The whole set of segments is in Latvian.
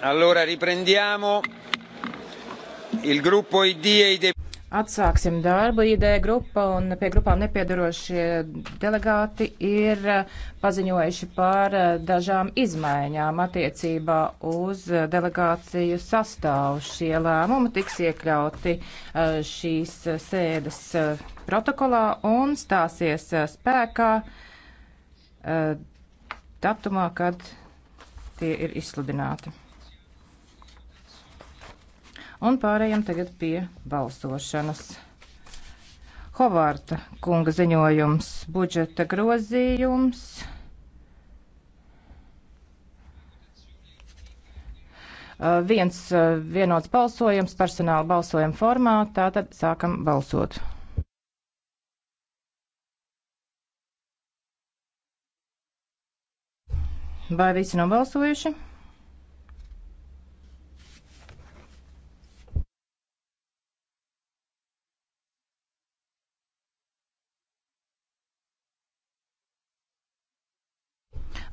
Allora riprendiamo. Il gruppo ID e ID. Atsāksim darbu. ID grupa un pie grupām nepiedarošie delegāti ir eh, paziņojuši par eh, dažām izmaiņām attiecībā uz eh, delegāciju sastāvu. Šie lēmumi tiks iekļauti šīs sēdes protokolā un stāsies spēkā datumā, kad tie ir izsludināti. Un pārējām tagad pie balsošanas. Hovārta kunga ziņojums, budžeta grozījums. Viens vienots balsojums personāla balsojuma formā, tātad sākam balsot. Vai visi nobalsojuši?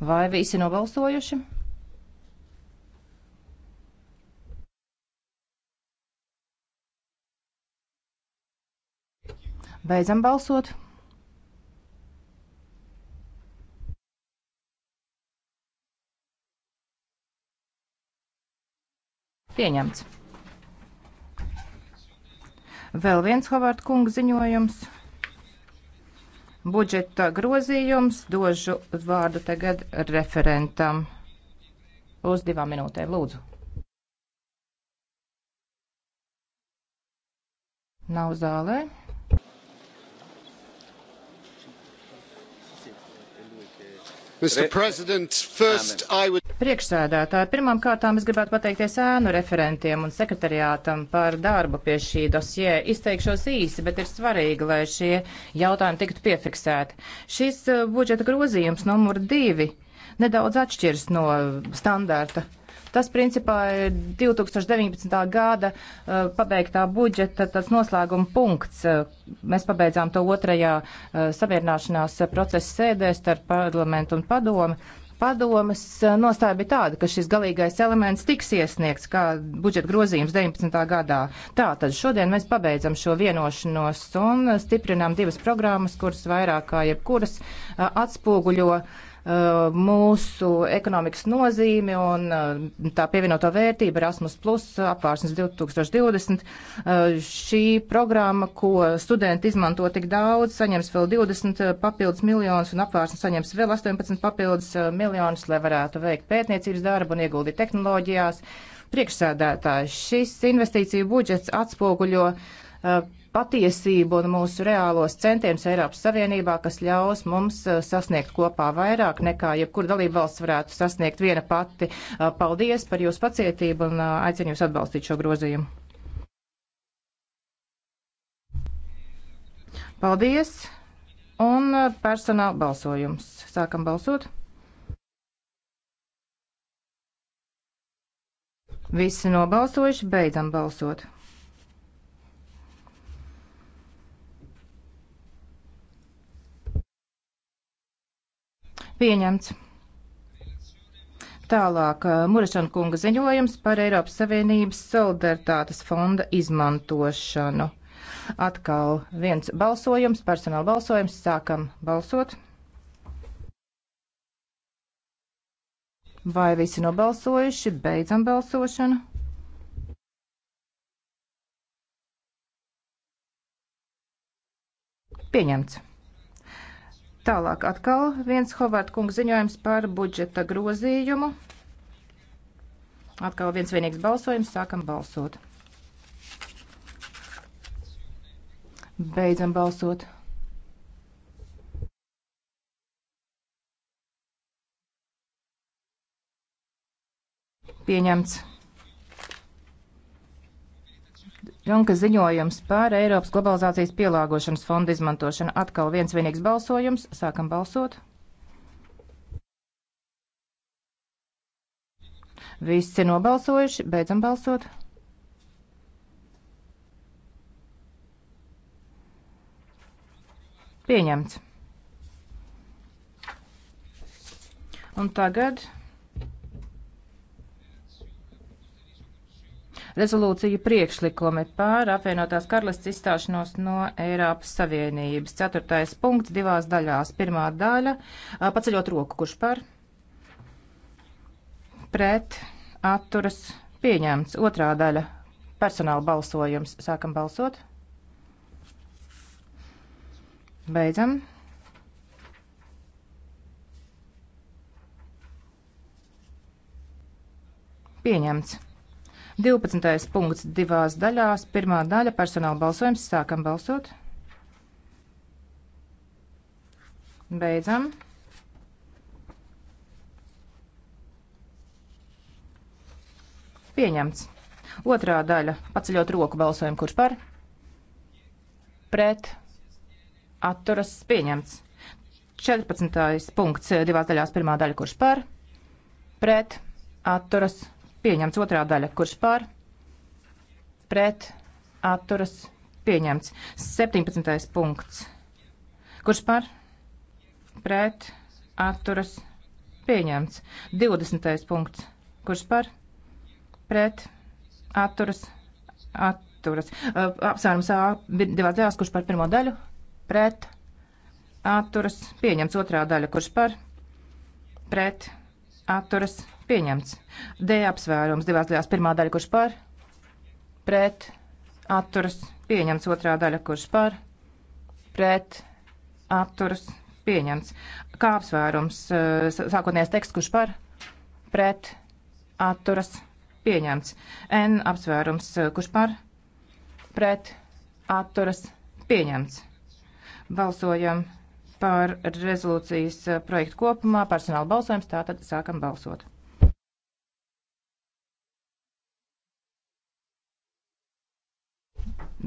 Vai visi nobalsojuši? Beidzam balsot. Pieņemts. Vēl viens Havārda kunga ziņojums budžeta grozījums. Dožu vārdu tagad referentam. Uz divām minūtēm, lūdzu. Nav zālē. Mr. President, first I would. Priekšsēdētāji, pirmām kārtām es gribētu pateikties ēnu referentiem un sekretariātam par darbu pie šī dosie. Izteikšos īsi, bet ir svarīgi, lai šie jautājumi tiktu piefiksēti. Šis eh, budžeta grozījums numur divi nedaudz atšķirs no standarta. Tas principā ir 2019. gada eh, pabeigtā budžeta tāds noslēguma punkts. Eh, mēs pabeidzām to otrajā samierināšanās procesa sēdē starp parlamentu un padomu padomas eh, nostāja bija tāda, ka šis galīgais elements tiks iesniegts kā budžeta grozījums 19. gadā. Tātad šodien mēs pabeidzam šo vienošanos un stiprinām divas programmas, kuras vairāk kā jebkuras eh, atspūguļo uh, Eh, mūsu ekonomikas nozīmi un eh, tā pievienoto vērtību Erasmus Plus apvārsnes 2020. Eh, šī programma, ko studenti izmanto tik daudz, saņems vēl 20 papildus miljonus un apvārsnes saņems vēl 18 papildus miljonus, lai varētu veikt pētniecības darbu un ieguldīt tehnoloģijās. Priekšsēdētājs šis investīciju budžets atspoguļo patiesību un mūsu reālos centienus Eiropas Savienībā, kas ļaus mums uh, sasniegt kopā vairāk nekā jebkur dalība valsts varētu sasniegt viena pati. Uh, paldies par jūsu pacietību un uh, aicinu jūs atbalstīt šo grozījumu. Paldies! Un personāla balsojums. Sākam balsot. Visi nobalsojuši, beidzam balsot. Pieņemts. Tālāk uh, Murašana kunga ziņojums par Eiropas Savienības solidaritātes fonda izmantošanu. Atkal viens balsojums, personāla balsojums, sākam balsot. Vai visi nobalsojuši? Beidzam balsošanu. Pieņemts. Tālāk atkal viens Hovārda kunga ziņojums par budžeta grozījumu. Atkal viens vienīgs balsojums, sākam balsot. Beidzam balsot. Pieņemts. Junkas ziņojums par Eiropas globalizācijas pielāgošanas fonda izmantošanu. Atkal viens vienīgs balsojums. Sākam balsot. Visi ir nobalsojuši. Beidzam balsot. Pieņemts. Un tagad rezolūciju priekšlikumi pār apvienotās karalists izstāšanos no Eiropas Savienības. Ceturtais punkts divās daļās. Pirmā daļa - paceļot roku, kurš par pret atturas pieņemts. Otrā daļa - personāla balsojums. Sākam balsot. Beidzam. Pieņemts. 12. punkts divās daļās. Pirmā daļa - personāla balsojums. Sākam balsot. Beidzam. Pieņemts. Otrā daļa - paceļot roku balsojumu. Kurš par? Pret. Atturas. Pieņemts. 14. punkts divās daļās. Pirmā daļa - kurš par? Pret. Atturas pieņemts. Otrā daļa, kurš par, pret, atturas, pieņemts. 17. punkts, kurš par, pret, atturas, pieņemts. 20. punkts, kurš par, pret, atturas, atturas. Apsvērums A divās daļās, kurš par pirmo daļu, pret, atturas, pieņemts. Otrā daļa, kurš par, pret, atturas atturas pieņemts. D apsvērums divās daļās. Pirmā daļa, kurš par, pret, atturas pieņemts. Otrā daļa, kurš par, pret, atturas pieņemts. Kā apsvērums sākotnējais teksts, kurš par, pret, atturas pieņemts. N apsvērums, kurš par, pret, atturas pieņemts. Balsojam par rezolūcijas eh, projektu kopumā, personāla balsojums, tātad sākam balsot.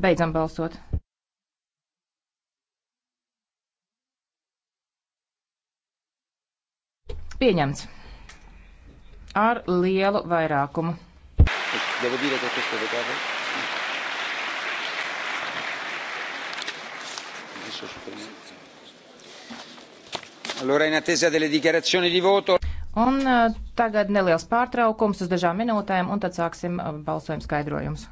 Beidzam balsot. Pieņemts ar lielu vairākumu. Devo dire che questo decade. Adesso superiore. Un eh, tagad neliels pārtraukums uz dažām minūtēm, un tad sāksim eh, balsojumu skaidrojumus.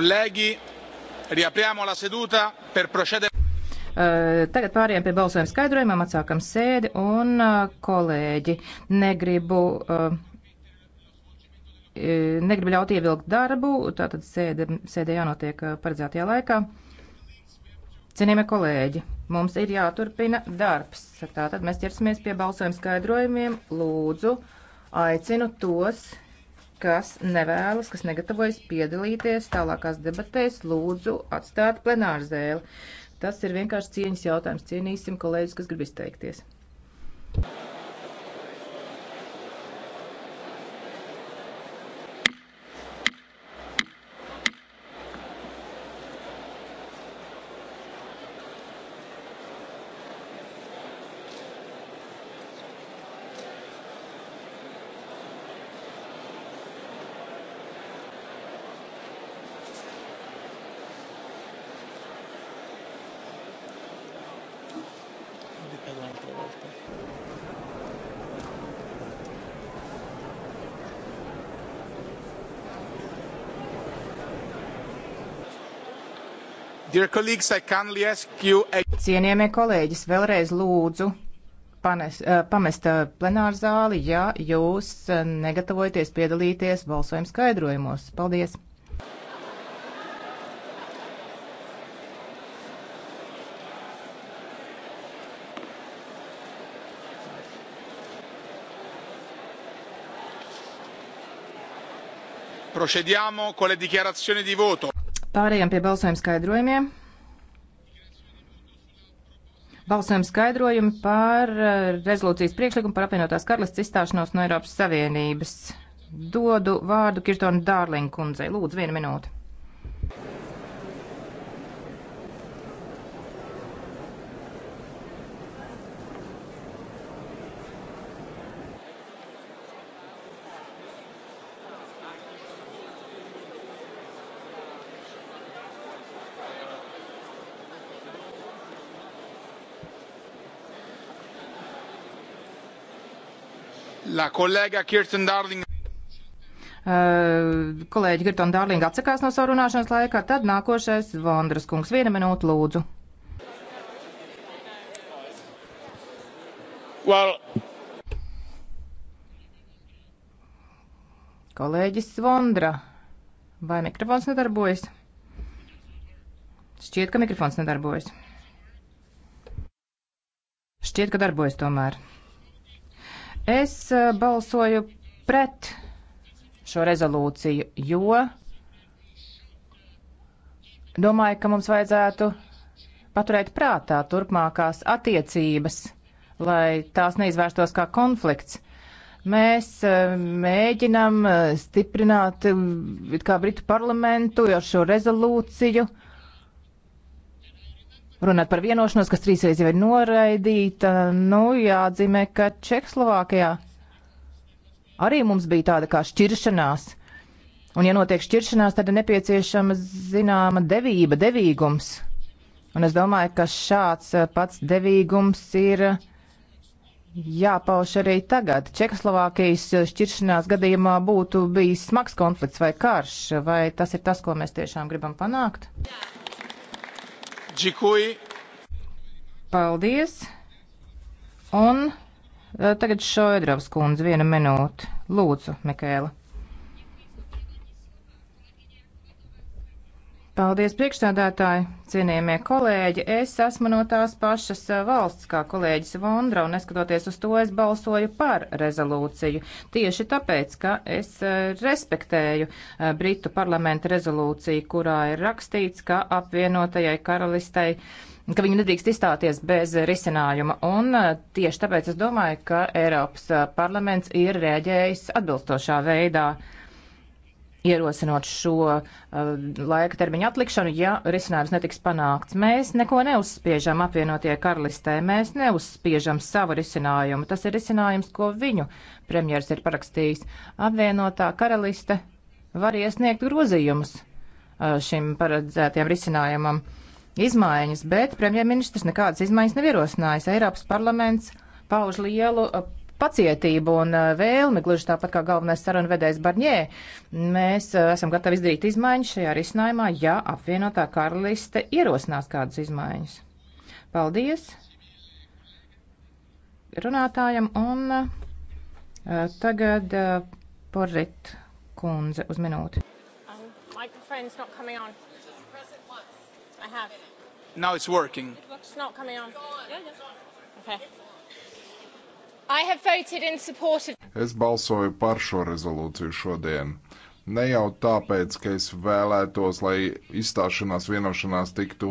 Kolēģi, riapriamo la seduta per procedere. Eh, tagad pāriem pie balsojuma skaidrojumiem, atsākam sēdi un eh, kolēģi. Negribu, eh, negribu ļaut ievilkt darbu, tātad sēde, sēde jānotiek paredzētajā laikā. Cienījamie kolēģi, mums ir jāturpina darbs. Tātad mēs ķersimies pie balsojuma skaidrojumiem. Lūdzu, aicinu tos kas nevēlas, kas negatavojas piedalīties tālākās debatēs, lūdzu atstāt plenārzēli. Tas ir vienkārši cieņas jautājums. Cienīsim kolēģis, kas grib izteikties. Cienījamie kolēģi, vēlreiz lūdzu panes, eh, pamest eh, plenāru zāli, ja jūs eh, negatavojaties piedalīties balsojuma skaidrojumos. Paldies! Procediamo con le dichiarazioni di voto. Pārējām pie balsojuma skaidrojumiem. Balsojuma skaidrojumi par eh, rezolūcijas priekšlikumu par apvienotās karalists izstāšanos no Eiropas Savienības. Dodu vārdu Kirtonu Dārlingu kundzei. Lūdzu, vienu minūti. La kolēga Kirsten Darling. Uh, kolēģi Girtona Dārlinga atsakās no savu runāšanas laikā, tad nākošais Vondras kungs. Viena minūte, lūdzu. Well. Kolēģis Vondra, vai mikrofons nedarbojas? Šķiet, ka mikrofons nedarbojas. Šķiet, ka darbojas tomēr. Es eh, balsoju pret šo rezolūciju, jo domāju, ka mums vajadzētu paturēt prātā turpmākās attiecības, lai tās neizvērstos kā konflikts. Mēs eh, mēģinam eh, stiprināt kā Britu parlamentu ar šo rezolūciju. Uh, runāt par vienošanos, kas trīsreiz jau ir noraidīta. Nu, jāatzīmē, ka Čehslovākijā arī mums bija tāda kā šķiršanās. Un, ja notiek šķiršanās, tad ir nepieciešama zināma devība, devīgums. Un es domāju, ka šāds eh, pats devīgums ir eh, jāpauž arī tagad. Čekoslovākijas eh, šķiršanās gadījumā būtu bijis smags konflikts vai karš, vai tas ir tas, ko mēs tiešām gribam panākt? Džikuji. Paldies. Un e, tagad Šoidravs kundze, viena minūte. Lūdzu, Mikēla. Paldies, priekšstādātāji, cienījamie kolēģi. Es esmu no tās pašas eh, valsts kā kolēģis Vondra, un neskatoties uz to, es balsoju par rezolūciju. Tieši tāpēc, ka es eh, respektēju eh, Britu parlamenta rezolūciju, kurā ir rakstīts, ka apvienotajai karalistei ka viņi nedrīkst izstāties bez risinājuma. Un tieši tāpēc es domāju, ka Eiropas parlaments ir rēģējis atbilstošā veidā. Uh, ierosinot šo uh, laika termiņu atlikšanu, ja risinājums netiks panākts. Mēs neko neuzspiežam apvienotie karalistē, mēs neuzspiežam savu risinājumu. Tas ir risinājums, ko viņu premjers ir parakstījis. Apvienotā karaliste var iesniegt grozījumus uh, šim paredzētiem risinājumam izmaiņas, bet premjerministrs nekādas izmaiņas nevierosinājis. Eiropas parlaments pauž lielu uh, pacietību un uh, vēlmi, gluži tāpat kā galvenais sarunu vedējs Barņē. Mēs uh, esam gatavi izdarīt izmaiņas šajā risinājumā, ja apvienotā karaliste ierosinās kādas izmaiņas. Paldies runātājam un uh, tagad porrit kundze uz minūti. Um, microphone's not coming on. I have. Now it's working. It's not coming on. Yeah, yeah. Okay. Es balsoju par šo rezolūciju šodien. Ne jau tāpēc, ka es vēlētos, lai izstāšanās vienošanās tiktu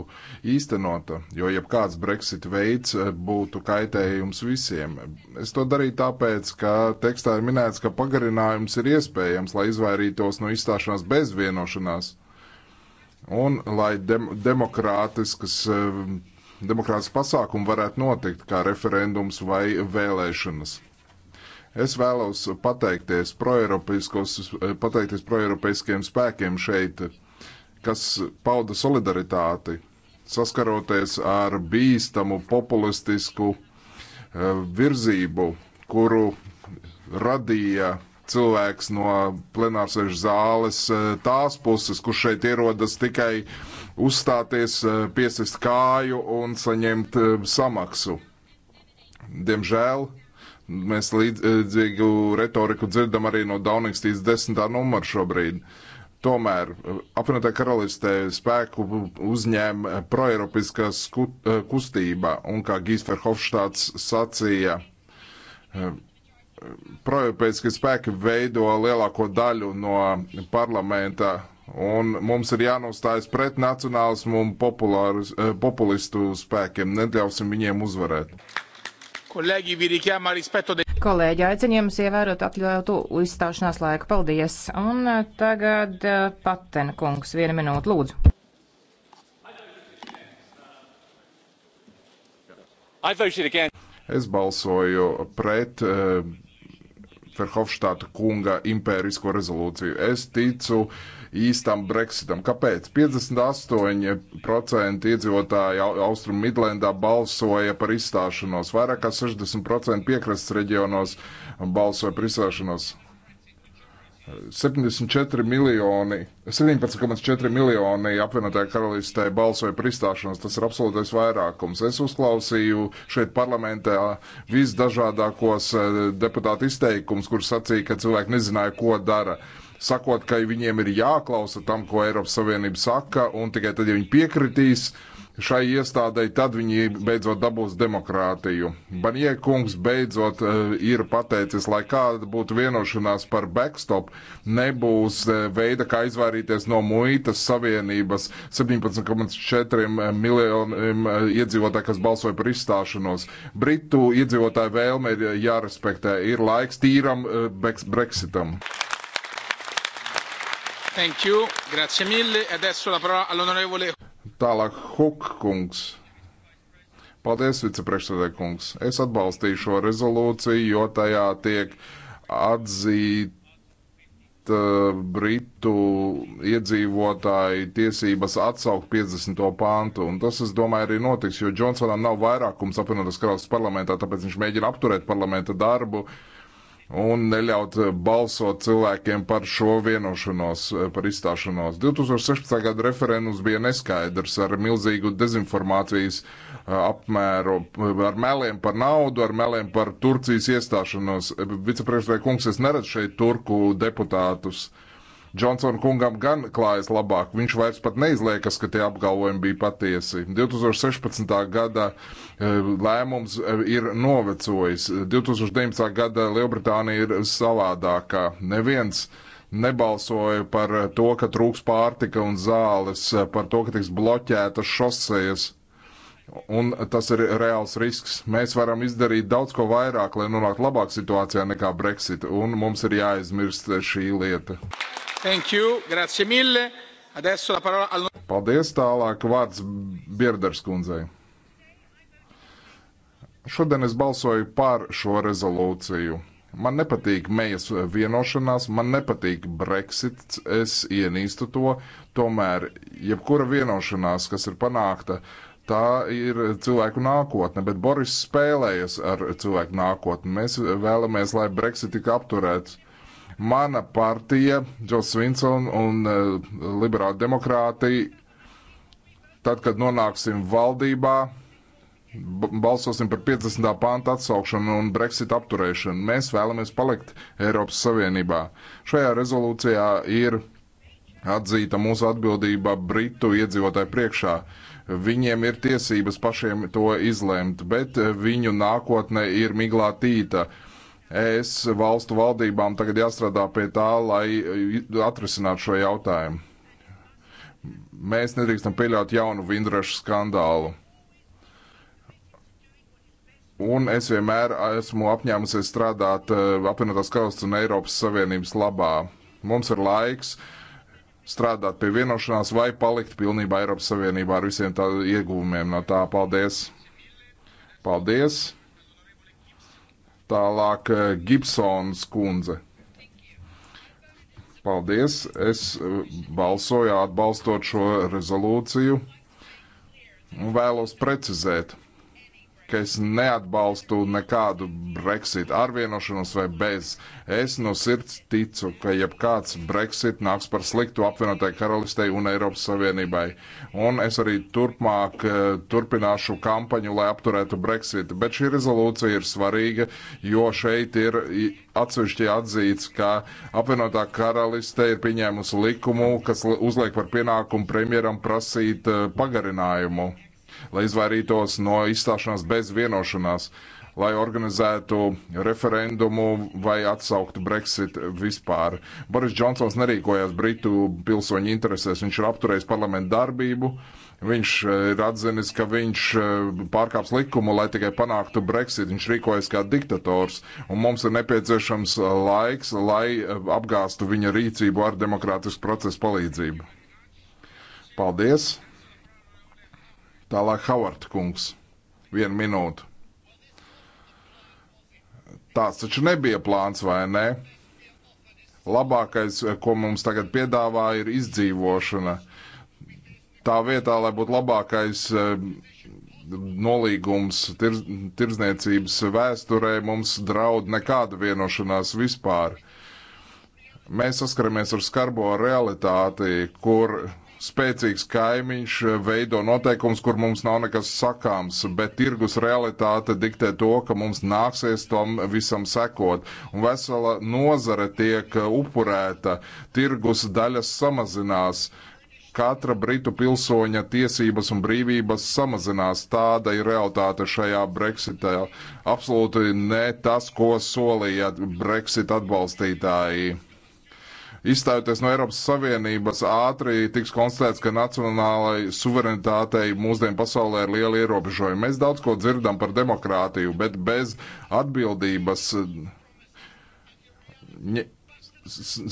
īstenota, jo jebkāds Brexit veids eh, būtu kaitējums visiem. Es to darīju tāpēc, ka tekstā ir minēts, ka pagarinājums ir iespējams, lai izvairītos no izstāšanās bez vienošanās un lai dem demokrātiskas eh, demokrātiski pasākumi varētu notikt, kā referendums vai vēlēšanas. Es vēlos pateikties proeiropeiskiem pro spēkiem šeit, kas pauda solidaritāti, saskaroties ar bīstamu populistisku eh, virzību, kuru radīja cilvēks no plenārsēžu zāles eh, tās puses, kurš šeit ierodas tikai uzstāties, eh, piesist kāju un saņemt eh, samaksu. Diemžēl mēs līdzīgu retoriku dzirdam arī no Daunīkstīs desmitā numara šobrīd. Tomēr eh, apvienotā karalistē spēku uzņēma proeiropiskā kustība un, kā Gīsfer Hofštāts sacīja, proeiropiskie spēki veido lielāko daļu no parlamenta Un mums ir jānostājas pret nacionālismu un populārus, eh, populistu spēkiem. Neļausim viņiem uzvarēt. Kolēģi, Kolēģi aicinu jums ievērot atļautu izstāšanās laiku. Paldies! Un eh, tagad eh, patena kungs, viena minūte lūdzu. Es balsoju pret uh, Ferhofštāta kunga impērisko rezolūciju. Es ticu uh, īstam Brexitam. Kāpēc? 58% iedzīvotāji Austrum Midlendā balsoja par izstāšanos, vairāk kā 60% piekrastes reģionos balsoja par izstāšanos. 74 miljoni, 17,4 miljoni apvienotajā karalistē balsoja par izstāšanos. Tas ir absolūtais vairākums. Es uzklausīju šeit parlamentā visdažādākos eh, deputātu izteikums, kur sacīja, ka cilvēki nezināja, ko dara. Uh, sakot, ka viņiem ir jāklausa tam, ko Eiropas Savienība saka, un tikai tad, ja viņi piekritīs šai iestādēji, tad viņi beidzot dabūs demokrātiju. Banjē kungs beidzot eh, ir pateicis, lai kāda būtu vienošanās par backstop, nebūs eh, veida, kā izvairīties no muitas savienības 17,4 miljoniem eh, iedzīvotāju, kas balsoja par izstāšanos. Britu iedzīvotāju vēlme ir jārespektē, ir laiks tīram Brexitam. Thank you. Grazie mille. E adesso la parola all'onorevole. Tālāk Huk kungs. Paldies, vicepriekšsēdē kungs. Es atbalstīju šo rezolūciju, jo tajā tiek atzīt britu iedzīvotāji tiesības atsaukt 50. pāntu. Un tas, es domāju, arī notiks, jo Džonsonam nav vairākums apvienotās karalists parlamentā, tāpēc viņš mēģina apturēt parlamenta darbu. Uh, un neļaut eh, balsot cilvēkiem par šo vienošanos, eh, par izstāšanos. 2016. gada referendums bija neskaidrs ar milzīgu dezinformācijas eh, apmēru, ar meliem par naudu, ar meliem par Turcijas iestāšanos. Vicepriekšsēdētāj kungs, es neredzu šeit turku deputātus. Uh, Džonsona kungam gan klājas labāk. Viņš vairs pat neizliekas, ka tie apgalvojumi bija patiesi. 2016. gada e, lēmums e, ir novecojis. 2019. gada Lielbritānija ir savādākā. Neviens nebalsoja par to, ka trūks pārtika un zāles, par to, ka tiks bloķētas šosejas. Un tas ir reāls risks. Mēs varam izdarīt daudz ko vairāk, lai nonāktu labāk situācijā nekā Brexit, un mums ir jāaizmirst šī lieta. Parola... Paldies, tālāk vārds Bierders kundzei. Šodien es balsoju par šo rezolūciju. Man nepatīk mejas vienošanās, man nepatīk Brexits, es ienīstu to. Tomēr, jebkura vienošanās, kas ir panākta, tā ir cilvēku nākotne, bet Boris spēlējas ar cilvēku nākotni. Mēs vēlamies, lai Brexit tika apturēts Mana partija, Džos Svinson un eh, liberāla demokrātija, tad, kad nonāksim valdībā, balsosim par 50. pānta atsaukšanu un Brexit apturēšanu. Mēs vēlamies palikt Eiropas Savienībā. Šajā rezolūcijā ir atzīta mūsu atbildība Britu iedzīvotāju priekšā. Viņiem ir tiesības pašiem to izlemt, bet eh, viņu nākotne ir miglā tīta. Uh, es valstu valdībām tagad jāstrādā pie tā, lai atrisinātu šo jautājumu. Mēs nedrīkstam pieļaut jaunu vindrašu skandālu. Un es vienmēr esmu apņēmusies strādāt e, apvienotās karalists un Eiropas Savienības labā. Mums ir laiks strādāt pie vienošanās vai palikt pilnībā Eiropas Savienībā ar visiem tā ieguvumiem no tā. Paldies! Paldies! Tālāk eh, Gibsons kundze. Paldies. Es eh, balsoju atbalstot šo rezolūciju un vēlos precizēt ka es neatbalstu nekādu Brexit arvienošanos vai bez. Es no sirds ticu, ka jebkāds Brexit nāks par sliktu apvienotai karalistei un Eiropas Savienībai. Un es arī turpmāk eh, turpināšu kampaņu, lai apturētu Brexit. Bet šī rezolūcija ir svarīga, jo šeit ir atsevišķi atzīts, ka apvienotā karaliste ir pieņēmusi likumu, kas uzliek par pienākumu premjeram prasīt eh, pagarinājumu lai izvairītos no izstāšanās bez vienošanās, lai organizētu referendumu vai atsauktu Brexit vispār. Boris Džonsons nerīkojās Britu pilsoņu interesēs, viņš ir apturējis parlamentu darbību. Viņš eh, ir atzinis, ka viņš eh, pārkāps likumu, lai tikai panāktu Brexit. Viņš rīkojas kā diktators, un mums ir nepieciešams eh, laiks, lai apgāstu viņa rīcību ar demokrātisku procesu palīdzību. Paldies! Tālāk Havarta kungs. Vienu minūtu. Tāds taču nebija plāns, vai ne? Labākais, ko mums tagad piedāvā, ir izdzīvošana. Tā vietā, lai būtu labākais eh, nolīgums tir, tirzniecības vēsturē, mums draud nekāda vienošanās vispār. Mēs saskaramies ar skarbo realitāti, kur spēcīgs kaimiņš eh, veido noteikums, kur mums nav nekas sakāms, bet tirgus realitāte diktē to, ka mums nāksies tam visam sekot. Un vesela nozare tiek eh, upurēta, tirgus daļas samazinās. Katra britu pilsoņa tiesības un brīvības samazinās. Tāda ir realitāte šajā Brexitā. Absolūti ne tas, ko solīja Brexit atbalstītāji. Izstājoties no Eiropas Savienības, ātri tiks konstatēts, ka nacionālai suverenitātei mūsdienu pasaulē ir liela ierobežojuma. Mēs daudz ko dzirdam par demokrātiju, bet bez atbildības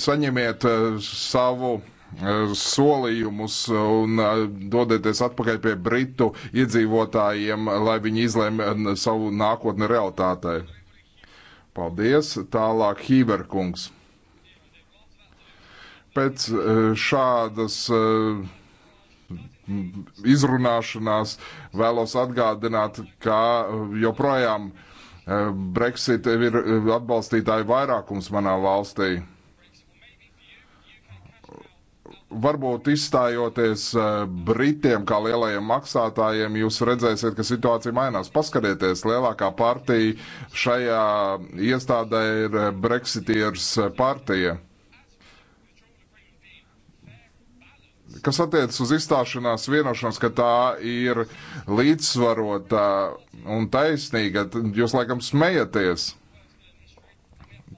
saņemiet eh, savu eh, solījumus un eh, dodieties atpakaļ pie britu iedzīvotājiem, lai viņi izlēma savu nākotni realitātei. Paldies! Tālāk Hīverkungs pēc eh, šādas eh, izrunāšanās vēlos atgādināt, ka eh, joprojām Brexit ir atbalstītāju vairākums manā valstī varbūt izstājoties Britiem kā lielajiem maksātājiem, jūs redzēsiet, ka situācija mainās. Paskatieties, lielākā partija šajā iestādē ir Brexiteers partija. Kas attiecas uz izstāšanās vienošanos, ka tā ir līdzsvarota un taisnīga, jūs laikam smejaties.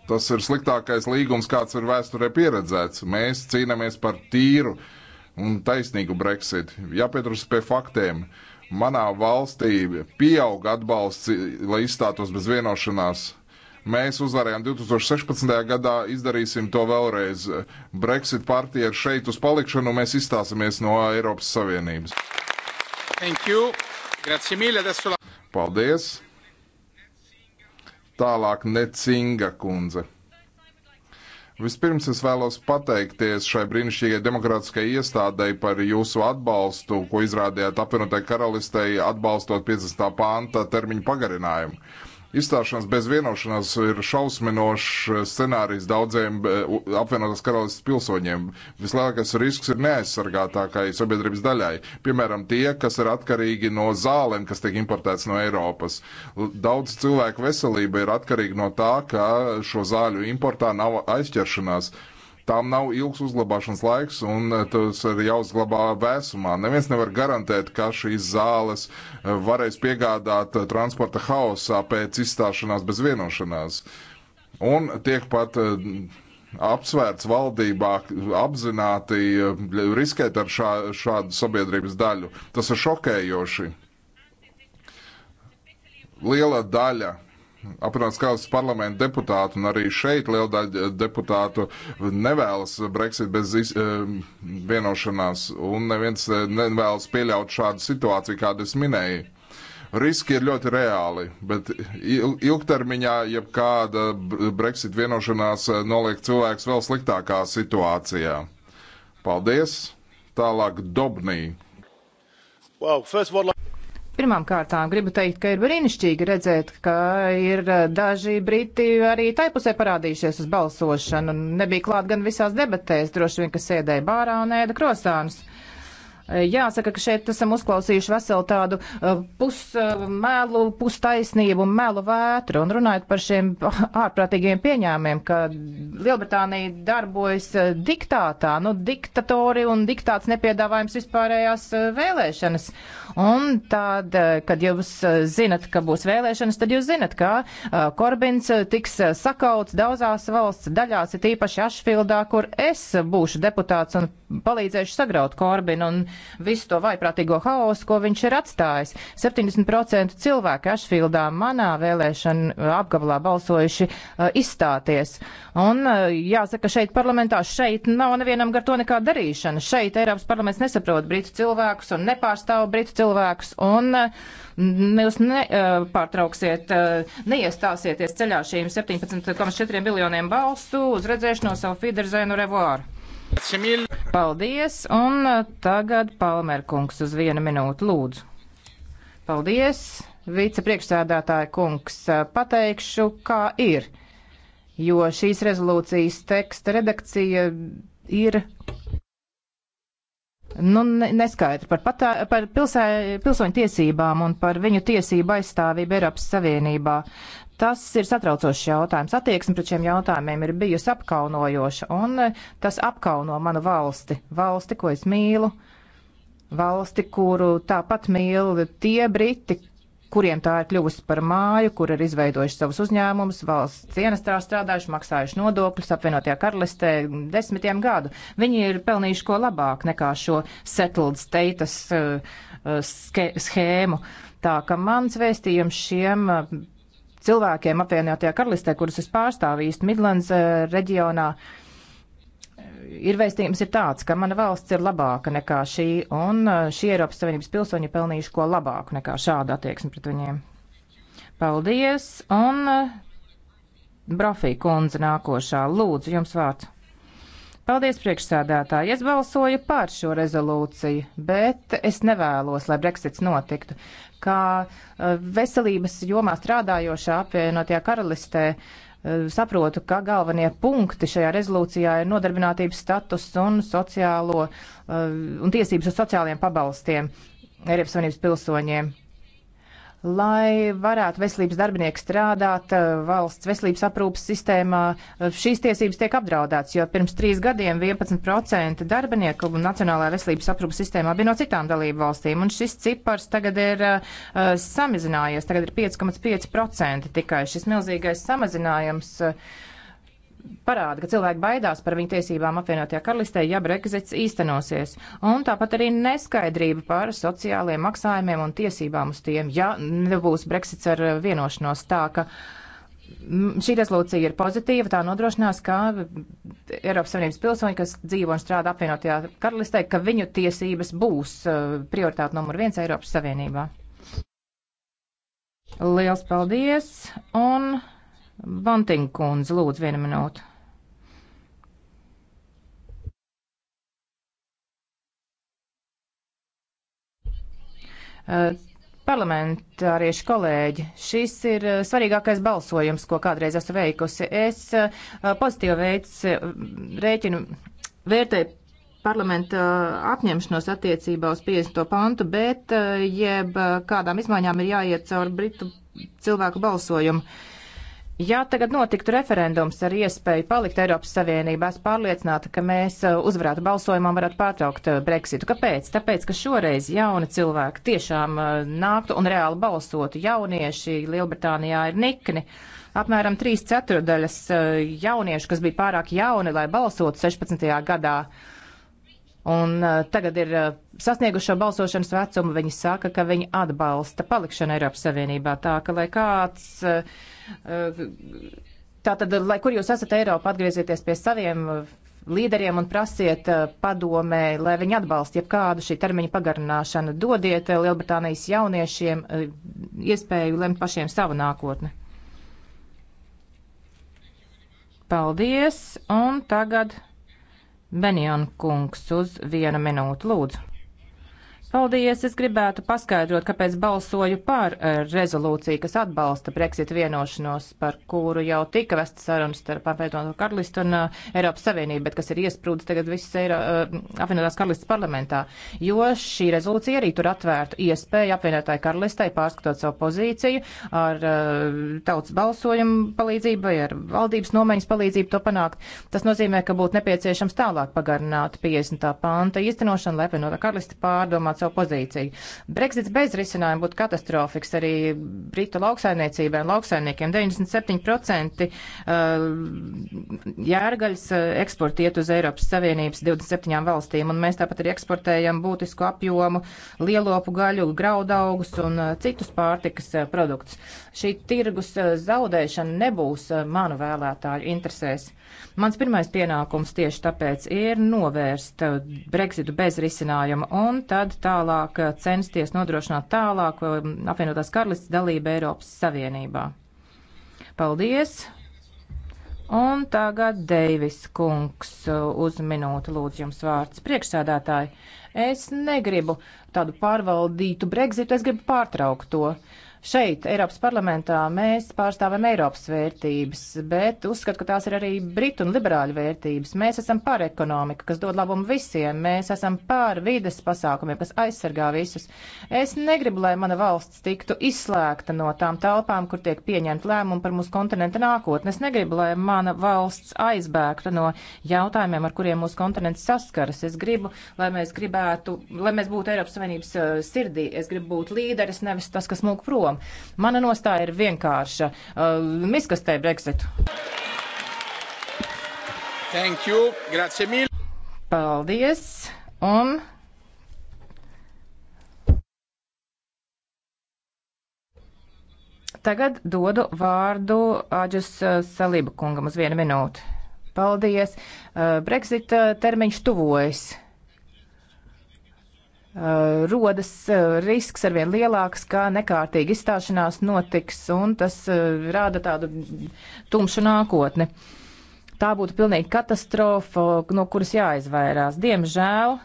Tas ir sliktākais līgums, kāds ir vēsturē pieredzēts. Mēs cīnāmies par tīru un taisnīgu Brexit. Jāpieturas pie faktiem. Manā valstī pieauga atbalsts, lai izstātos bez vienošanās Mēs uzvarējām 2016. gadā, izdarīsim to vēlreiz. Brexit partija ir šeit uz palikšanu, mēs izstāsimies no Eiropas Savienības. Thank you. Grazie mille. Adesso la... Paldies. Tālāk Necinga kundze. Vispirms es vēlos pateikties šai brīnišķīgai demokrātiskai iestādei par jūsu atbalstu, ko izrādījāt apvienotai karalistei atbalstot 50. panta termiņu pagarinājumu. Izstāšanās bez vienošanās ir šausminošs scenārijs daudziem eh, apvienotās karalistas pilsoņiem. Vislielākais risks ir neaizsargātākai sabiedrības daļai, piemēram, tie, kas ir atkarīgi no zālēm, kas tiek importēts no Eiropas. Daudz cilvēku veselība ir atkarīga no tā, ka šo zāļu importā nav aizķeršanās. Uh, Tām nav ilgs uzglabāšanas laiks, un eh, tas ir jāuzglabā vēsumā. Neviens nevar garantēt, ka šīs zāles eh, varēs piegādāt eh, transporta haosā pēc izstāšanās bez vienošanās. Un tiek pat apsvērts valdībā apzināti riskēt ar šā, šādu sabiedrības daļu. Tas ir šokējoši. Liela daļa Apvienotās Karalistes parlamenta deputāti un arī šeit liela daļa deputātu nevēlas Brexit bez iz, vienošanās un neviens eh, nevēlas pieļaut šādu situāciju, kādu es minēju. Riski ir ļoti reāli, bet ilgtermiņā jebkāda Brexit vienošanās eh, noliek cilvēks vēl sliktākā situācijā. Paldies! Tālāk Dobnī. Well, Pirmām kārtām gribu teikt, ka ir brīnišķīgi redzēt, ka ir eh, daži briti arī tai pusē parādījušies uz balsošanu. Nebija klāt gan visās debatēs, droši vien, ka sēdēja bārā un ēda krosānus. Uh, Jāsaka, ka šeit esam uzklausījuši veselu tādu uh, pusmēlu, pustaisnību un mēlu vētru. Un runājot par šiem ārprātīgiem pieņēmiem, ka Lielbritānija darbojas uh, diktātā, nu diktatori un diktāts nepiedāvājums vispārējās uh, vēlēšanas. Un tad, kad jūs zinat, ka būs vēlēšanas, tad jūs zinat, ka Korbins tiks sakauts daudzās valsts daļās, ir tīpaši Ašfildā, kur es būšu deputāts un palīdzēšu sagraut Korbinu. Un visu to vaiprātīgo haosu, ko viņš ir atstājis. 70% cilvēku Ašfildā manā vēlēšana uh, apgabalā balsojuši uh, izstāties. Un uh, jāsaka, šeit parlamentā šeit nav nevienam gar to nekā darīšana. Šeit Eiropas parlaments nesaprot britu cilvēkus un nepārstāv britu cilvēkus. Un, jūs nepārtrauksiet, neiestāsieties ceļā šīm 17,4 miljoniem balstu uz redzēšanos no savu Fiderzēnu revuāru. Paldies, un tagad Palmerkungs uz vienu minūtu lūdzu. Paldies, vicepriekšsēdētāja kungs, pateikšu, kā ir, jo šīs rezolūcijas teksta redakcija ir Nu, neskaidri par, patā, par pilsē, pilsoņu tiesībām un par viņu tiesību aizstāvību Eiropas Savienībā. Tas ir satraucošs jautājums. Attieksme pret šiem jautājumiem ir bijusi apkaunojoša, un eh, tas apkauno manu valsti, valsti, ko es mīlu, valsti, kuru tāpat mīl tie briti, kuriem tā ir kļuvusi par māju, kur ir izveidojuši savus uzņēmumus, valsts cienestā strādājuši, maksājuši nodokļus apvienotajā karalistē desmitiem gadu. Viņi ir pelnījuši ko labāk nekā šo settled status uh, uh, schēmu. Tā ka mans vēstījums šiem uh, cilvēkiem apvienotajā karalistē, kurus es pārstāvu īsti Midlands eh, reģionā, ir vēstījums ir tāds, ka mana valsts ir labāka nekā šī, un eh, šie Eiropas Savienības pilsoņi pelnījuši ko labāku nekā šāda attieksme pret viņiem. Paldies, un eh, Brofī kundze nākošā. Lūdzu, jums vārds. Paldies, priekšsēdētāji. Es balsoju par šo rezolūciju, bet es nevēlos, lai Brexits notiktu kā veselības jomā strādājošā apvienotajā karalistē saprotu, ka galvenie punkti šajā rezolūcijā ir nodarbinātības status un sociālo un tiesības uz sociāliem pabalstiem Eiropas Savienības pilsoņiem lai varētu veselības darbinieki strādāt eh, valsts veselības aprūpas sistēmā. Eh, šīs tiesības tiek apdraudētas, jo pirms trīs gadiem 11% darbinieku Nacionālajā veselības aprūpas sistēmā bija no citām dalību valstīm, un šis cipars tagad ir uh, samazinājies, tagad ir 5,5% tikai šis milzīgais samazinājums. Uh, parāda, ka cilvēki baidās par viņu tiesībām apvienotajā karalistē, ja Brexits īstenosies. Un tāpat arī neskaidrība par sociālajiem maksājumiem un tiesībām uz tiem, ja nebūs Brexits ar vienošanos tā, ka. Mm, šī rezolūcija ir pozitīva, tā nodrošinās, ka Eiropas Savienības pilsoņi, kas dzīvo un strādā apvienotajā karalistē, ka viņu tiesības būs uh, prioritāte numur viens Eiropas Savienībā. Liels paldies! Un Banting kundze, lūdzu, vienu minūtu. Uh, parlamentārieši kolēģi, šis ir uh, svarīgākais balsojums, ko kādreiz esmu veikusi. Es uh, pozitīvi veids uh, rēķinu vērtēju parlamenta apņemšanos attiecībā uz 50. pantu, bet jeb kādām izmaiņām ir jāiet cauri Britu cilvēku balsojumu. Ja tagad notiktu referendums ar iespēju palikt Eiropas Savienībā, es pārliecināta, ka mēs uh, uzvarētu balsojumā, varētu pārtraukt uh, Brexitu. Kāpēc? Tāpēc, ka šoreiz jauni cilvēki tiešām uh, nāktu un reāli balsotu. Jaunieši Lielbritānijā ir nikni. Apmēram trīs ceturdaļas jauniešu, kas bija pārāk jauni, lai balsotu 16. gadā. Un tagad ir sasniegušo balsošanas vecumu, viņi saka, ka viņi atbalsta palikšanu Eiropas Savienībā. Tā ka, lai kāds uh, Tātad, lai kur jūs esat Eiropa, atgriezieties pie saviem uh, līderiem un prasiet uh, padomē, lai viņi atbalsta jebkādu šī termiņa pagarināšanu. Dodiet uh, Lielbritānijas jauniešiem iespēju lemt pašiem savu nākotni. Paldies, un tagad Benjon kungs uz vienu minūtu lūdzu. Paldies! Es gribētu paskaidrot, kāpēc balsoju par eh, rezolūciju, kas atbalsta Brexit vienošanos, par kuru jau tika vestas sarunas starp apvienoto karalistu un uh, Eiropas Savienību, bet kas ir iesprūdis tagad visas Eiro, uh, apvienotās karalistas parlamentā. Jo šī rezolūcija arī tur atvērtu iespēju apvienotāju karalistai pārskatot savu pozīciju ar uh, tautas balsojumu palīdzību vai ar valdības nomaiņas palīdzību to panākt. Tas nozīmē, ka būtu nepieciešams tālāk pagarināt 50. panta īstenošanu, lai apvienotā karalista pārdomātu saglabāt savu pozīciju. Brexits bez risinājuma būtu katastrofiks arī Britu lauksaimniecībai un lauksainiekiem. 97% uh, jērgaļas uh, eksporta iet uz Eiropas Savienības 27 valstīm, un mēs tāpat arī eksportējam būtisku apjomu lielopu gaļu, graudaugus un uh, citus pārtikas produktus. Šī tirgus zaudēšana nebūs manu vēlētāju interesēs. Mans pirmais pienākums tieši tāpēc ir novērst Brexitu bez risinājuma un tad tā tālāk eh, censties nodrošināt tālāk eh, apvienotās karalistas dalību Eiropas Savienībā. Paldies! Un tagad Deivis kungs eh, uz minūti lūdzu jums vārds. Priekšsēdētāji, es negribu tādu pārvaldītu Brexitu, es gribu pārtraukt to. Uh, Šeit, Eiropas parlamentā, mēs pārstāvam Eiropas vērtības, bet uzskatu, ka tās ir arī Britu un liberāļu vērtības. Mēs esam par ekonomiku, kas dod labumu visiem. Mēs esam par vides pasākumiem, kas aizsargā visus. Es negribu, lai mana valsts tiktu izslēgta no tām telpām, kur tiek pieņemt lēmumu par mūsu kontinenta nākotni. Es negribu, lai mana valsts aizbēgtu no jautājumiem, ar kuriem mūsu kontinents saskaras. Es gribu, lai mēs gribētu, lai mēs būtu Eiropas Savienības uh, sirdī. Es gribu būt līderis, nevis tas, kas mūk prom padomu. Mana nostāja ir vienkārša. Uh, miskastē Brexitu. Thank you. Grazie mille. Paldies. Un Tagad dodu vārdu Āģus uh, Salība kungam uz vienu minūti. Paldies! Uh, Brexit uh, termiņš tuvojas. Eh, rodas eh, risks arvien lielāks, kā nekārtīgi izstāšanās notiks, un tas eh, rāda tādu tumšu nākotni. Tā būtu pilnīgi katastrofa, no kuras jāizvairās. Diemžēl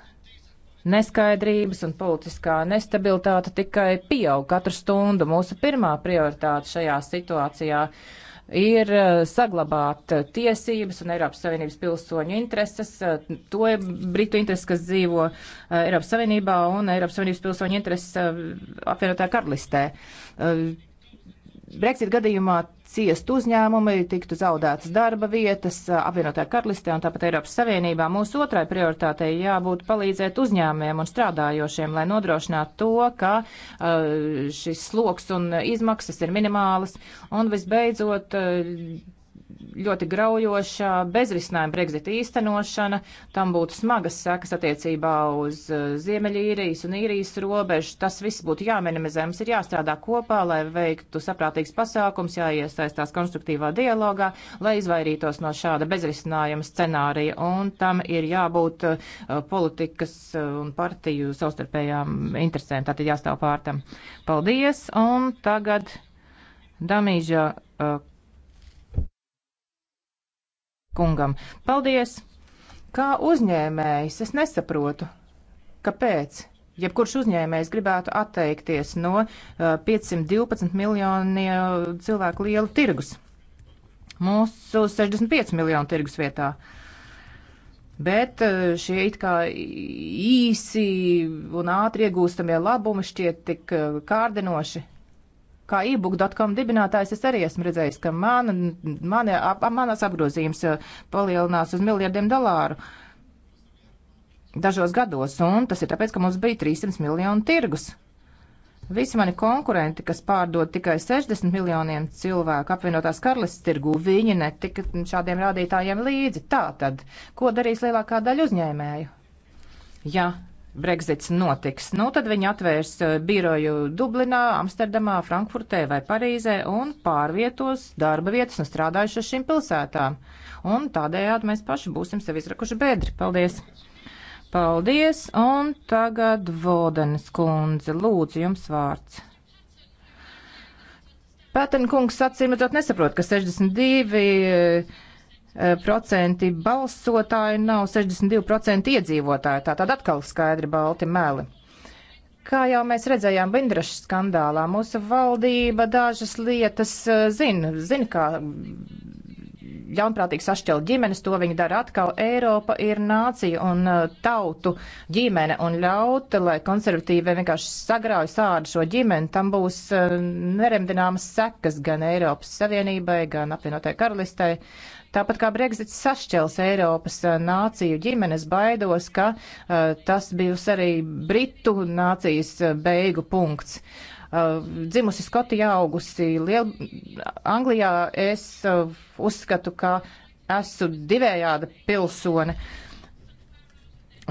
neskaidrības un politiskā nestabilitāte tikai pieaug katru stundu. Mūsu pirmā prioritāte šajā situācijā ir ir eh, saglabāt eh, tiesības un Eiropas Savienības pilsoņu intereses. Eh, to ir Britu intereses, kas dzīvo Eiropas Savienībā un Eiropas Savienības pilsoņu intereses apvienotā karalistē. Brexit gadījumā ciest uzņēmumi, tiktu zaudētas darba vietas apvienotā karalistē un tāpat Eiropas Savienībā. Mūsu otrai prioritātei jābūt palīdzēt uzņēmiem un strādājošiem, lai nodrošinātu to, ka šis sloks un izmaksas ir minimālas. Un visbeidzot, ļoti graujoša bezrisinājuma Brexit īstenošana. Tam būtu smagas sekas attiecībā uz uh, Ziemeļīrijas un īrijas robežu. Tas viss būtu jāminimizē. Mums ir jāstrādā kopā, lai veiktu saprātīgs pasākums, jāiesaistās konstruktīvā dialogā, lai izvairītos no šāda bezrisinājuma scenārija. Un tam ir jābūt uh, politikas uh, un partiju savstarpējām interesēm. Tātad jāstāv pārtam. Paldies! Un tagad Damīža. Uh, kungam. Paldies! Kā uzņēmējs es nesaprotu, kāpēc jebkurš uzņēmējs gribētu atteikties no uh, 512 miljonu uh, cilvēku lielu tirgus. Mūsu 65 miljonu tirgus vietā. Bet uh, šie it kā īsi un ātri iegūstamie labumi šķiet tik uh, kārdinoši Kā ebook.com dibinātājs es arī esmu redzējis, ka mana, mana, ap, manas apgrozījums eh, palielinās uz miljardiem dolāru dažos gados, un tas ir tāpēc, ka mums bija 300 miljonu tirgus. Visi mani konkurenti, kas pārdod tikai 60 miljoniem cilvēku apvienotās karalistes tirgū, viņi netika šādiem rādītājiem līdzi. Tā tad, ko darīs lielākā daļa uzņēmēju? Ja Brexits notiks. Nu, tad viņi atvērs eh, biroju Dublinā, Amsterdamā, Frankfurtē vai Parīzē un pārvietos darba vietas un strādājušas šīm pilsētām. Un tādējādi mēs paši būsim sevi izrakuši bedri. Paldies! Paldies! Un tagad Vodenes kundze, lūdzu jums vārds. Pētenkungs acīm redzot nesaprot, ka 62 procenti balsotāji nav 62% iedzīvotāji. Tā tad atkal skaidri balti meli. Kā jau mēs redzējām Bindrašas skandālā, mūsu valdība dažas lietas zina, eh, zina, kā ļaunprātīgi sašķelt ģimenes, to viņi dara atkal. Eiropa ir nācija un eh, tautu ģimene un ļaut, lai konservatīvi vienkārši sagrauj sādu šo ģimeni, tam būs eh, neremdināmas sekas gan Eiropas Savienībai, gan apvienotai karalistai. Tāpat kā Brexits sašķels Eiropas nāciju ģimenes, baidos, ka tas bijis arī Britu nācijas beigu punkts. Uh, dzimusi Skotijā, augusi Liel... Anglijā, es uh, uzskatu, ka esmu divējāda pilsone. Uh,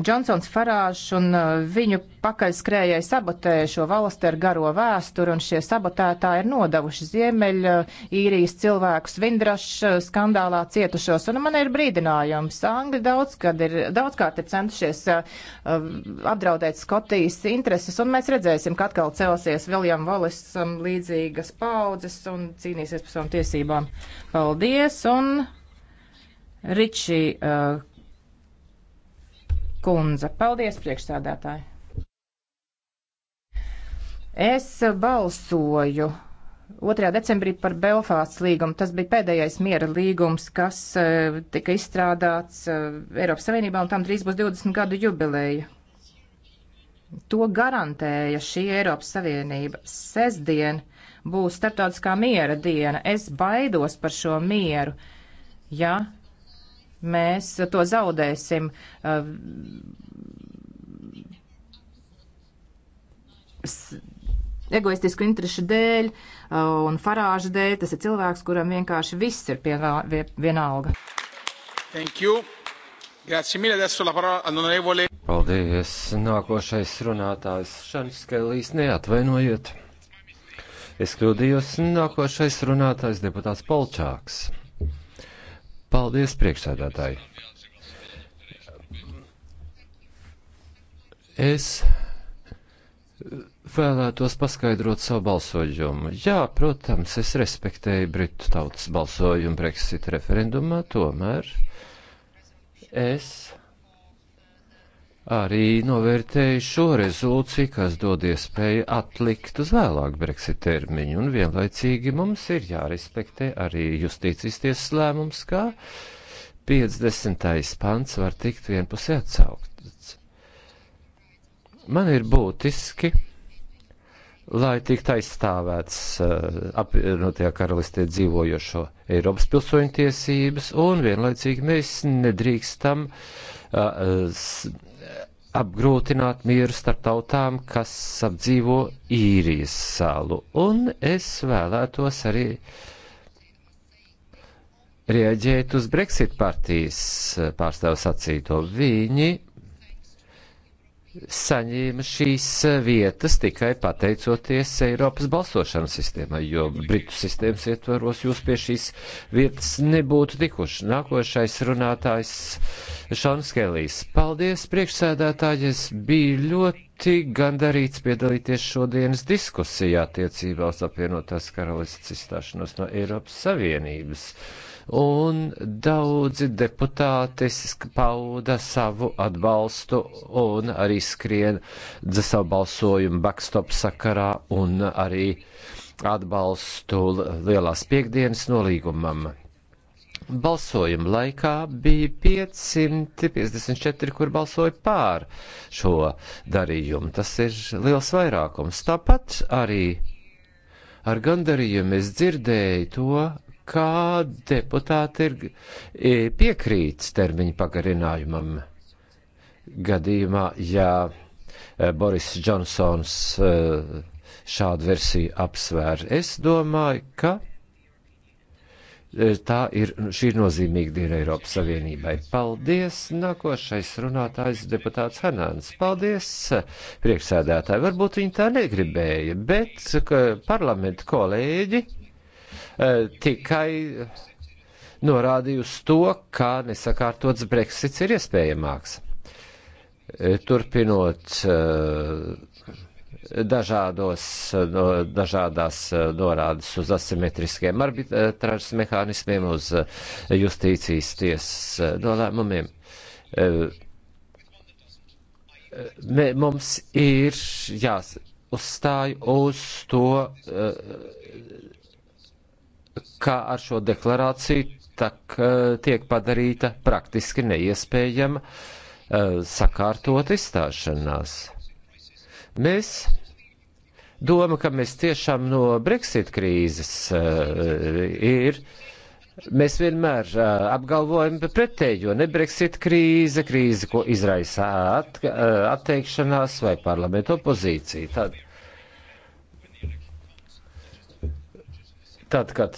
Džonsons Farāžs un uh, viņu pakaļskrējai sabotēja šo valsti ar garo vēsturi, un šie sabotētāji ir nodavuši Ziemeļa uh, īrijas cilvēkus Vindraša uh, skandālā cietušos. Un man ir brīdinājums. Angļi daudz, ir, daudzkārt ir centušies uh, apdraudēt Skotijas intereses, un mēs redzēsim, ka atkal celsies Viljam Valis um, līdzīgas paudzes un cīnīsies par savām tiesībām. Paldies! Un Ričī. Uh, kundze. Paldies, priekšsādātāji! Es balsoju 2. decembrī par Belfāsts līgumu. Tas bija pēdējais miera līgums, kas uh, tika izstrādāts uh, Eiropas Savienībā, un tam drīz būs 20 gadu jubileja. To garantēja šī Eiropas Savienība. Sesdien būs starptautiskā miera diena. Es baidos par šo mieru. Ja mēs to zaudēsim. Uh, egoistisku interešu dēļ uh, un farāžu dēļ tas ir cilvēks, kuram vienkārši viss ir vienalga. Thank you. Grazie mille. Adesso la parola all'onorevole. Paldies. Nākošais runātājs Šanskēlīs neatvainojiet. Es kļūdījos. Nākošais runātājs deputāts Polčāks. Paldies, priekšsēdētāji! Es vēlētos paskaidrot savu balsojumu. Jā, protams, es respektēju Britu tautas balsojumu Brexit referendumā, tomēr es arī novērtēju šo rezolūciju, kas dod iespēju atlikt uz vēlāku Brexit termiņu, un vienlaicīgi mums ir jārespektē arī justīcijas tiesas lēmums, kā 50. pants var tikt vienpusē atsaukts. Man ir būtiski, lai tiktu aizstāvēts uh, apvienotajā karalistē dzīvojošo Eiropas pilsoņu tiesības, un vienlaicīgi mēs nedrīkstam uh, uh, apgrūtināt mieru starp tautām, kas apdzīvo īrijas salu. Un es vēlētos arī rieģēt uz Brexit partijas pārstāvu sacīto. Viņi saņēma šīs vietas tikai pateicoties Eiropas balsošanas sistēmai, jo Britu sistēmas ietvaros jūs pie šīs vietas nebūtu tikuši. Nākošais runātājs Šons Kelijs. Paldies, priekšsēdētājies, bija ļoti gandarīts piedalīties šodienas diskusijā attiecībā uz apvienotās karalists izstāšanos no Eiropas Savienības. Uh, un daudzi deputāti pauda savu atbalstu un arī skrien savu balsojumu backstop sakarā un arī atbalstu lielās piekdienas nolīgumam. Balsojuma laikā bija 554, kur balsoja pār šo darījumu. Tas ir liels vairākums. Tāpat arī ar gandarījumu es dzirdēju to, kā deputāti ir e, piekrīt termiņu pagarinājumam gadījumā, ja e, Boris Džonsons e, šādu versiju apsvēr. Es domāju, ka tā ir, šī ir nozīmīga diena Eiropas Savienībai. Paldies! Nākošais runātājs deputāts Hanāns. Paldies! Priekšsēdētāji, varbūt viņi tā negribēja, bet parlamenta kolēģi Eh, tikai eh, norādīja uz to, kā nesakārtots Brexits ir iespējamāks. Eh, turpinot dažādos, no, dažādās norādes uz asimetriskiem arbitrāžas mehānismiem, uz justīcijas tiesas nolēmumiem. Mē, mums ir jāuzstāj uz to kā ar šo deklarāciju tak, eh, tiek padarīta praktiski neiespējama eh, sakārtot izstāšanās. Mēs doma, ka mēs tiešām no Brexit krīzes eh, ir. Mēs vienmēr uh, apgalvojam pretējo, ne Brexit krīze, krīze, ko izraisa at, uh, atteikšanās vai parlamentu opozīcija. Tad, uh, Tad, kad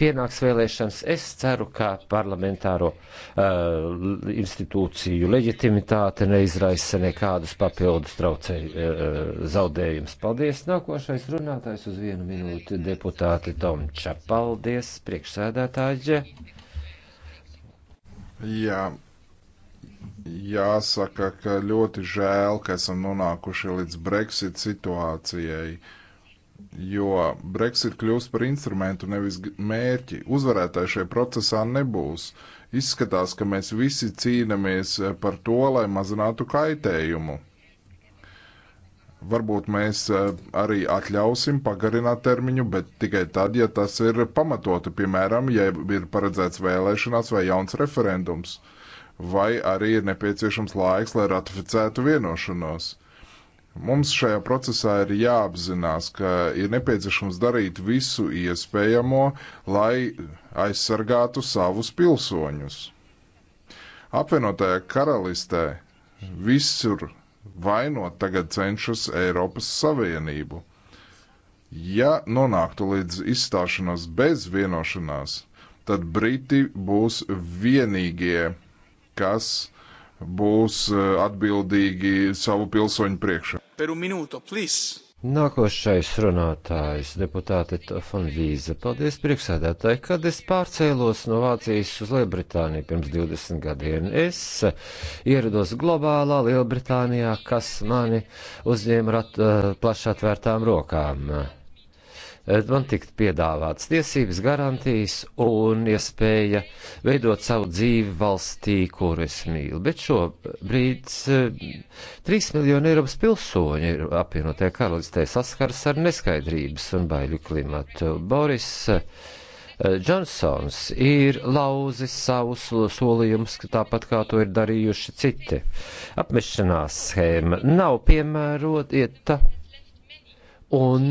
pienāks vēlēšanas, es ceru, ka parlamentāro uh, institūciju leģitimitāte neizraisa nekādus papildus traucēju uh, zaudējumus. Paldies! Nākošais runātājs uz vienu minūti deputāti Tomča. Paldies, priekšsēdētāģe! Jā, jāsaka, ka ļoti žēl, ka esam nonākuši līdz Brexit situācijai. Uh, jo Brexit kļūst par instrumentu, nevis mērķi. Uzvarētāji šajā procesā nebūs. Izskatās, ka mēs visi cīnāmies eh, par to, lai mazinātu kaitējumu. Varbūt mēs eh, arī atļausim pagarināt termiņu, bet tikai tad, ja tas ir pamatoti, piemēram, ja ir paredzēts vēlēšanās vai jauns referendums, vai arī ir nepieciešams laiks, lai ratificētu vienošanos Mums šajā procesā ir jāapzinās, ka ir nepieciešams darīt visu iespējamo, lai aizsargātu savus pilsoņus. Apvienotajā karalistē visur vainot tagad cenšas Eiropas Savienību. Ja nonāktu līdz izstāšanos bez vienošanās, tad Briti būs vienīgie, kas būs eh, atbildīgi savu pilsoņu priekšā. Minūto, Nākošais runātājs, deputāte Fonvīze. Paldies, priekšsēdētāji, kad es pārcēlos no Vācijas uz Lielbritāniju pirms 20 gadiem. Es ierados globālā Lielbritānijā, kas mani uzņēma rat, eh, plaši atvērtām rokām. Eh, man tikt piedāvāts tiesības garantijas un iespēja veidot savu dzīvi valstī, kuru es mīlu. Bet šobrīd 3 eh, miljoni Eiropas pilsoņi ir apvienotie karalistē saskars ar neskaidrības un baiļu klimatu. Boris Džonsons eh, ir lauzis savus solījumus, tāpat kā to ir darījuši citi. Apmešanās schēma nav piemērota un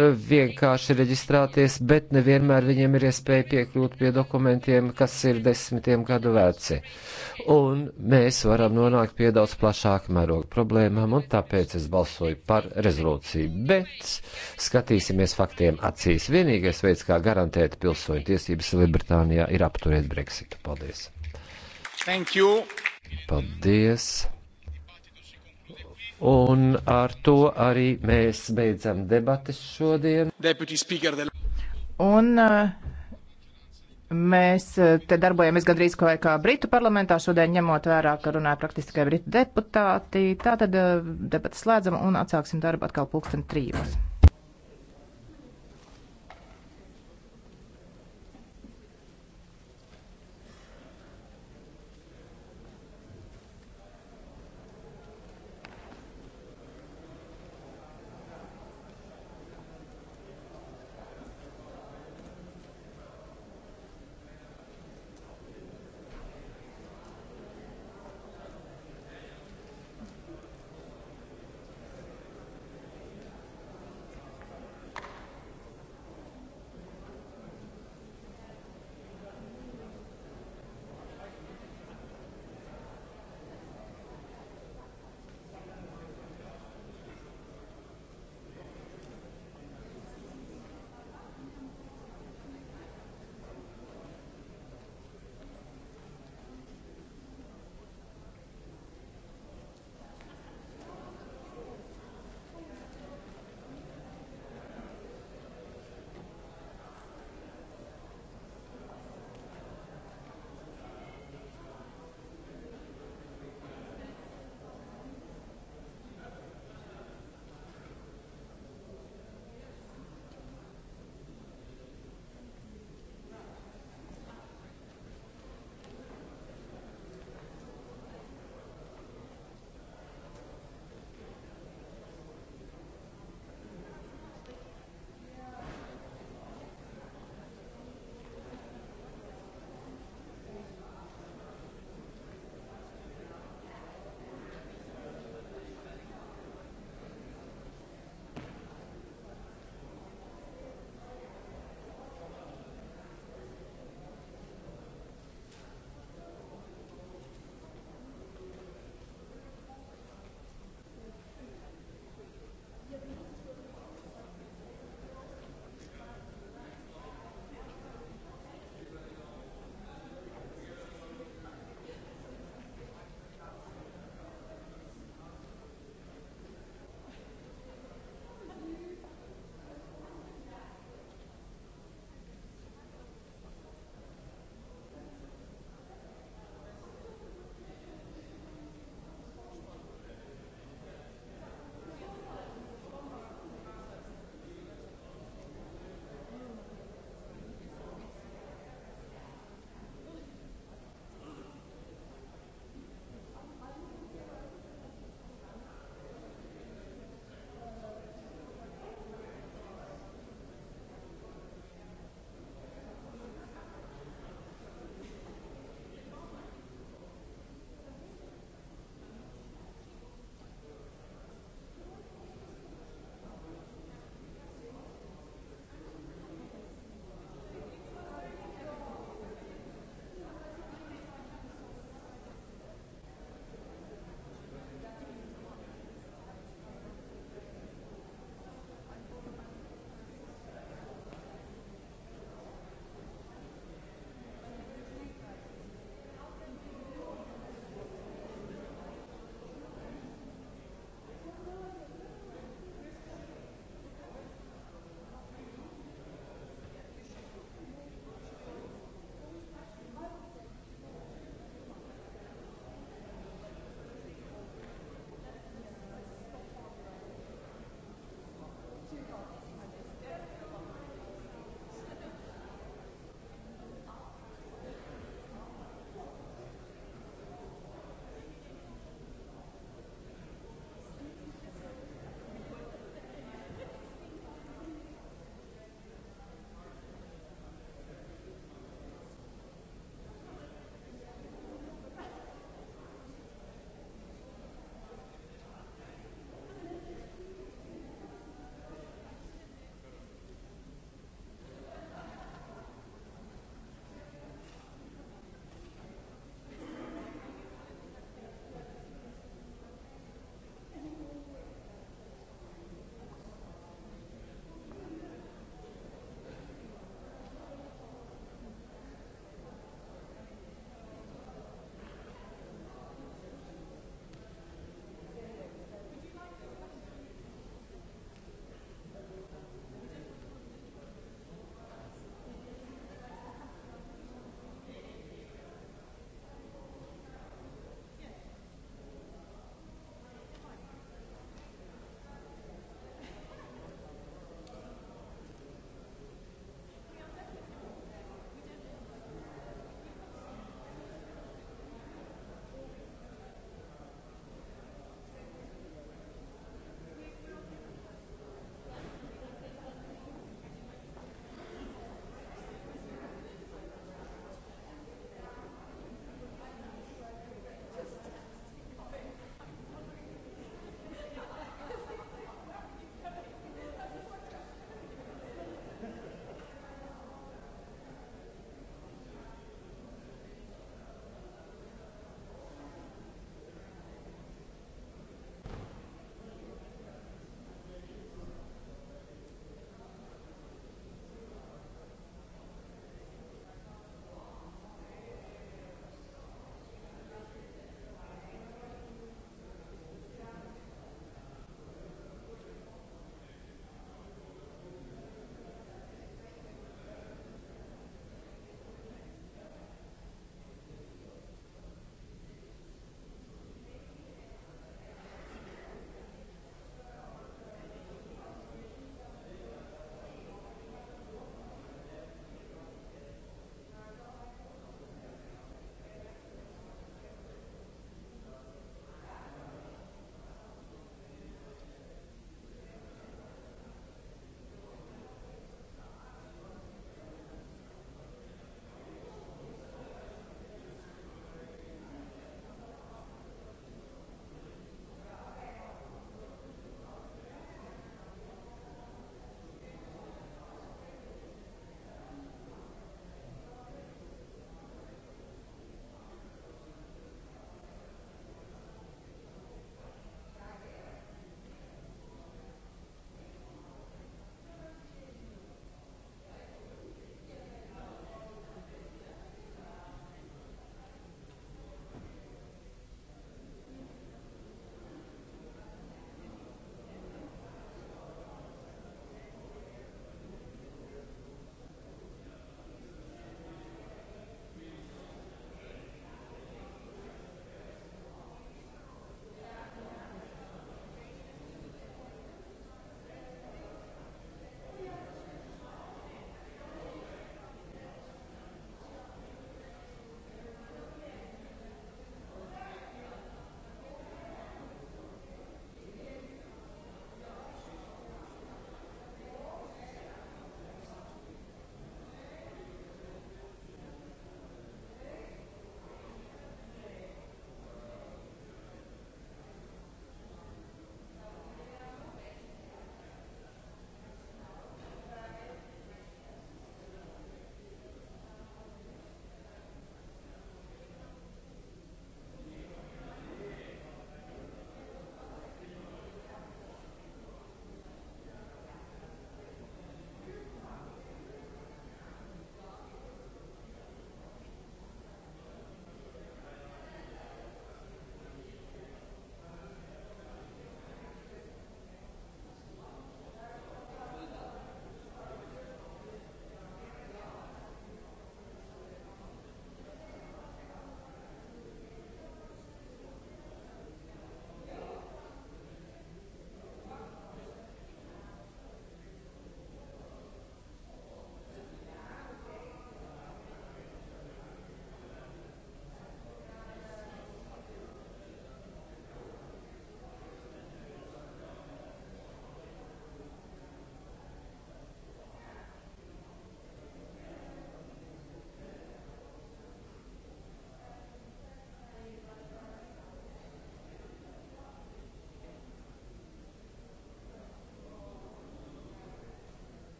vienkārši reģistrēties, bet nevienmēr viņiem ir iespēja piekļūt pie dokumentiem, kas ir desmitiem gadu veci. Un mēs varam nonākt pie daudz plašāka mēroga problēmām, un tāpēc es balsoju par rezolūciju. Bet skatīsimies faktiem acīs. Vienīgais veids, kā garantēt pilsoņu tiesības Lielbritānijā, ir apturēt Brexitu. Paldies! Thank you! Paldies! Un ar to arī mēs beidzam debates šodien. Un uh, mēs uh, te darbojamies gandrīz kā, kā Britu parlamentā šodien, ņemot vērā, ka runāja praktiski tikai Britu deputāti. Tātad uh, debatas slēdzam un atsāksim darbu atkal pulksten trījos.